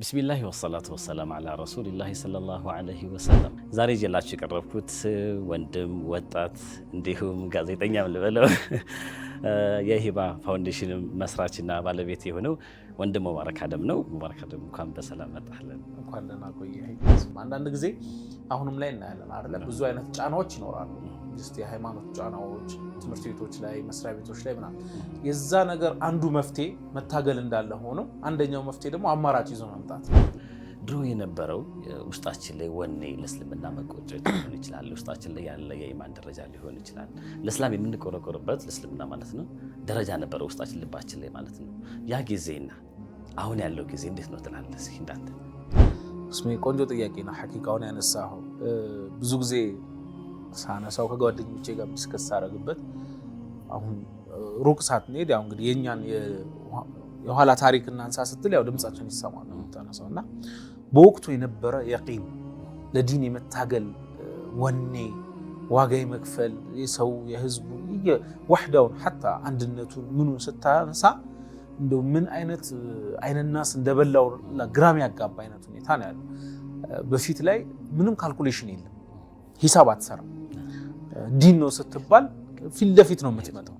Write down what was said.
ቢስሚላህ ወሰላቱ ወሰላም አላ ረሱሊላህ ሰለላሁ አለይሂ ወሰለም። ዛሬ ጀላችሁ የቀረብኩት ወንድም ወጣት እንዲሁም ጋዜጠኛም ልበለው የሂባ ፋውንዴሽን መስራችና ባለቤት የሆነው ወንድም ሙባረክ አደም ነው። ሙባረክ አደም እንኳን በሰላም መጣህልን። እንኳን ደህና ቆየህ። አንዳንድ ጊዜ አሁንም ላይ እናያለን አይደለም፣ ብዙ አይነት ጫናዎች ይኖራሉ መንግስት የሃይማኖት ጫናዎች፣ ትምህርት ቤቶች ላይ፣ መስሪያ ቤቶች ላይ ምናምን የዛ ነገር አንዱ መፍትሄ መታገል እንዳለ ሆኖ አንደኛው መፍትሄ ደግሞ አማራጭ ይዞ መምጣት ድሮ የነበረው ውስጣችን ላይ ወኔ ለእስልምና መቆጨት ሊሆን ይችላል። ውስጣችን ላይ ያለ የኢማን ደረጃ ሊሆን ይችላል። ለእስላም የምንቆረቆርበት ለእስልምና ማለት ነው ደረጃ ነበረው ውስጣችን ልባችን ላይ ማለት ነው። ያ ጊዜና አሁን ያለው ጊዜ እንዴት ነው ትላለህ? እስኪ እንዳንተ ቆንጆ ጥያቄ ነው። ሐቂቃውን ያነሳኸው ብዙ ጊዜ ሳነሳው ከጓደኞቼ ጋር ዲስከስ ሳረግበት አሁን ሩቅ ሳትሄድ ያው እንግዲህ የእኛን የኋላ ታሪክ እናንሳ ስትል ያው ድምጻችን ይሰማል ነው የምታነሳው። እና በወቅቱ የነበረ የቂም ለዲን የመታገል ወኔ፣ ዋጋ የመክፈል የሰው የህዝቡ ዋሕዳውን ሐታ አንድነቱን ምኑን ስታነሳ እንደ ምን አይነት አይነናስ እንደበላው ግራም ያጋባ አይነት ሁኔታ ነው ያለው። በፊት ላይ ምንም ካልኩሌሽን የለም፣ ሂሳብ አትሰራም። ዲን ነው ስትባል ፊት ለፊት ነው የምትመጣው።